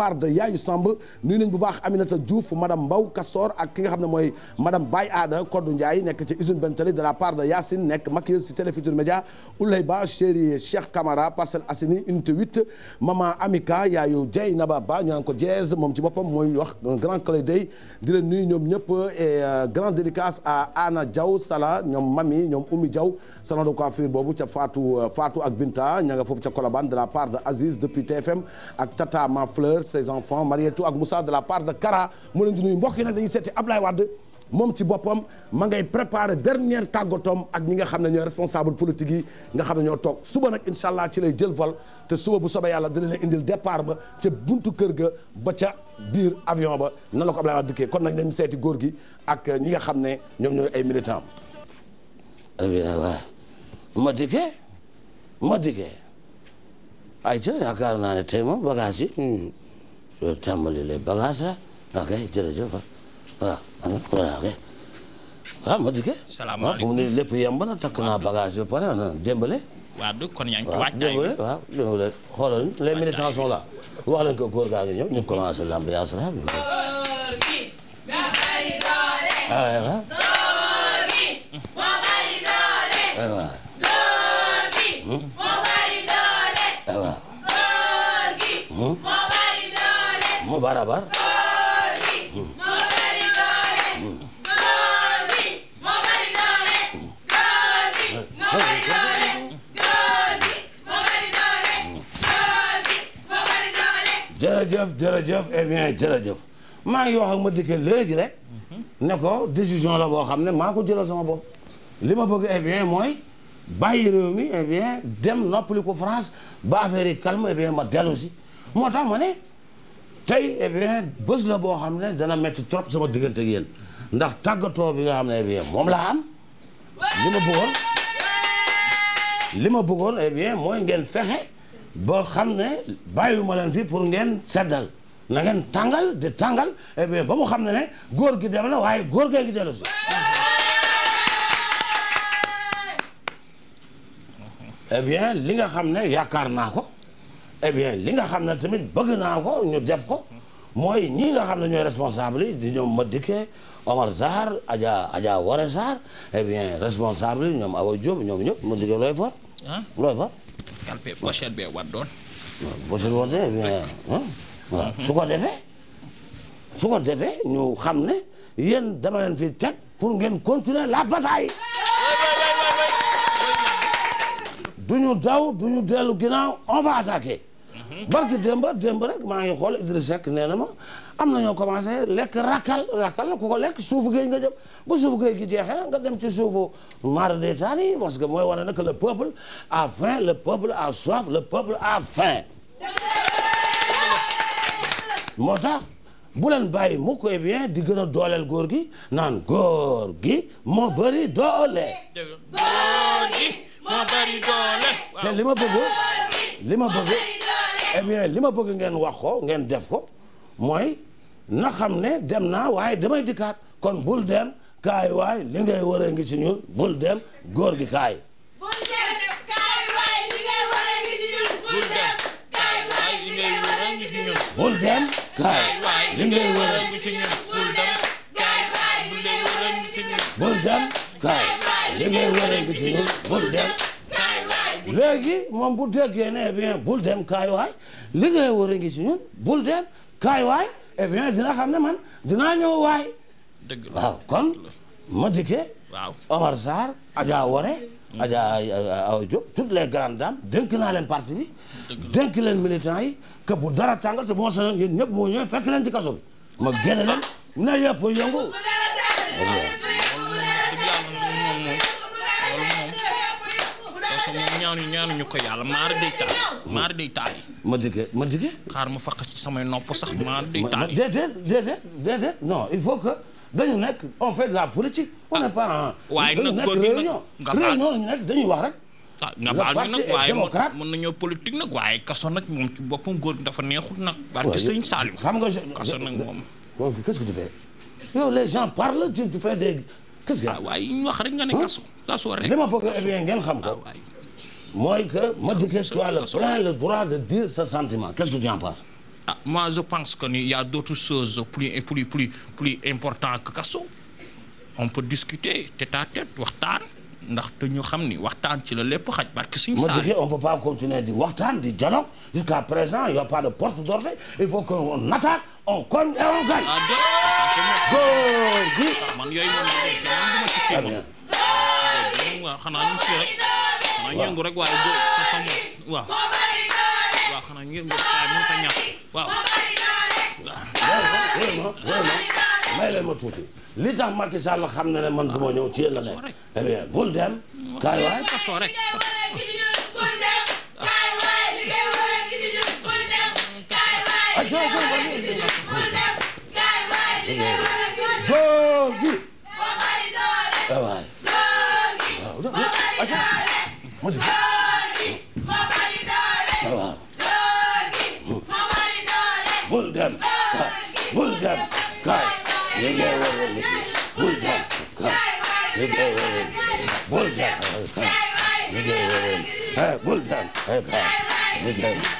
part de Yaayu Samb nuyu nañ bu baax a Diouf madame Mbaw Kassoor ak ki nga xam ne mooy madame Baye Aada Koddu Ndiaye nekk ci usine Bentali de la part de Yacine nekk maquilleuse ci Télé Futurs Médias Oulay Ba chéri Cheikh Camara Parcelles Assainies unité 8 maman Amika Yaayu Dieynaba Ba ñu naan ko Diez moom ci boppam mooy wax grand clé day di ñoom ñëpp et euh, dédicace à Anna Diaw Sala ñoom mami ñoom Oumy Diaw salon de coiffure boobu ca Fatou euh, ak Binta ña nga ses enfants Marietou ak Moussa de la part de Kara mu leen di nuyu mbokk yi nag dañuy seeti Ablaye Wade moom ci boppam ma ngay préparer dernière tàggatoom ak ñi nga xam ne ñoo responsable politique yi nga xam ne ñoo toog suba nag incha allah ci lay jël vol te suba bu soobee yàlla dina leen indil départ ba ca buntu kër ga ba ca biir avion ba na la ko Ablaye Wade dikkee kon nag dañu seeti góor gi ak ñi nga xam ne ñoom ñooy ay militants ma dikkee ma dikkee ay ca yaakaar naa ne tey moom bagage tàmbali les bagages la ok jërëjëf ok waaw ah, ma dikkee. Ah, mu ne lépp yemb na takk naa bagage ba pare na ah, démbale. waaw du kon yaa ngi waaj démbale waaw démbale xoolal les militants sont wax leen ko góor gaa ngi ñëw ñu commencé lamb yaa salaam. waaw waaw. bu baax a baax. jërëjëf jërëjëf eh bien jërëjëf maa ngi wax ak ma dikkee léegi rek ne ko décision la boo xam ne maa ko jëlal sama bopp li ma bëgg eh bien mooy bàyyi réew mi eh bien dem noppali ko France ba affaire yi calme eh bien ma dellu si moo tey eh bés la boo xam ne dana metti trop sama diggante ak ndax tàggatoo bi nga xam ne eh moom laa am li ma bëggoon li ma bëggoon eh mooy ngeen fexe ba xam ne bàyyiwuma leen fi pour ngeen seddal na ngeen tàngal di tàngal eh ba mu xam ne ne góor gi dem na waaye góor gee gi dellu si. eh li nga xam ne yaakaar naa ko. eh li nga xam na tamit bëgg naa ko ñu def ko mooy ñii nga xam ne ñooy responsable di ñoom Madické Omar Sarr Adja Adja Waré Sarr eh bien responsable yi ñoom Awa Diop ñoom ñëpp Madické looy for looy for kalpe pochette war doon pochette war doon ko defee ko defee ñu xam ne yéen dama leen fi teg pour ngeen continue la bataay du ñu daw du ñu dellu ginnaaw on va barki démb démb rek maa ngi xool Idrissa Seck nee na ma am na ñoo commencé lekk rakkal rakkal ku ko lekk suufu géej nga jëm bu suufu géej gi jeexee nga dem ci suufu mara de taan yi parce que mooy wane nag le peuple a faim le peuple a soif le peuple a faim moo tax bu leen bàyyi eh bien di gën a dooleel góor gi naan góor gi moo bari doole. góor gi moo bëri doole. te li ma bëgg li ma bëgg. eh li ma bëgg ngeen wax ko ngeen def ko mooy na xam ne dem naa waaye damay dikkaat kon bul dem kaay waay li ngay waree ngi góor gi ngi ci ñun bul dem. kaay waay li ngay waree ngi ngi ci ñun bul dem. kaay waay li ngay waree ngi ngi ci ñun bul dem. léegi moom bu déggee ne eh bien bul dem kaayuwaay li ngay war ngi si ñun bul dem kaayuwaay eh bien dina xam ne man dinaa ñëw waay. dëgg waaw kon ma dikkee. waaw Omar Sarr Adja Wore. Adja Awa Diop les grandes dames dénk naa leen parti bi. dénk leen militants yi que dara tàngal te moo sañoon yéen ñëpp moo ñëw fekk leen ci kaso bi ma génne leen na yëpp yëngu. ñaanu ñaanuñu ko yàlla maar day taal maar day taal ma diggee ma diggee xaar ma faq ci samay nopp sax maar day taal déedéet déedéet déedéet non il faut que dañu nekk on fait de la politique on n'est pas en waaye nag góor gi réunion réunion lañu nekk dañuy wax rek ah, nga baal ñu nag waaye mën nañoo politique nag waaye kaso nag moom ci boppam góor gi dafa neexut nag barke sëñ Saliou xam nga kaso nag moom qu'est-ce que tu fais yow les gens parlent tu fais des qu'est-ce que ah, waaye ñu wax kaso kaso rek mooy que Madikès tu as le, tu le droit de dire ce sentiment qu'est-ce que tu en ah moi je pense que ni y a d'autres choses plus plus plus plus importantes que kaso on peut discuter tête à tête waxtaan ndax dañu xam ni waxtaan ci la lépp xaj barke suñu saa Madikès on peut pas continuer di waxtaan di dialogue jusqu'à présent il y a pas de porte d'ordre il faut qu'on attaque on cogne et on gagne góor gi man yooyu moom xanaa ñu ci rek waaw ñëngu rek waaye góor façon moom waaw waaw xanaa ñëngu waaye mënut ta ñàkk waaw vraiment vraiment ma tuuti li tax Macky Sall xam na ne man du ma ñëw ci yéen la ne eh ko si. waaw. bul dem kaay bul dem kaay li ngay war a liggéey bul dem kaay li ngay war a liggéey bul dem kaay li ngay war a liggéey bul dem kaay li ngay.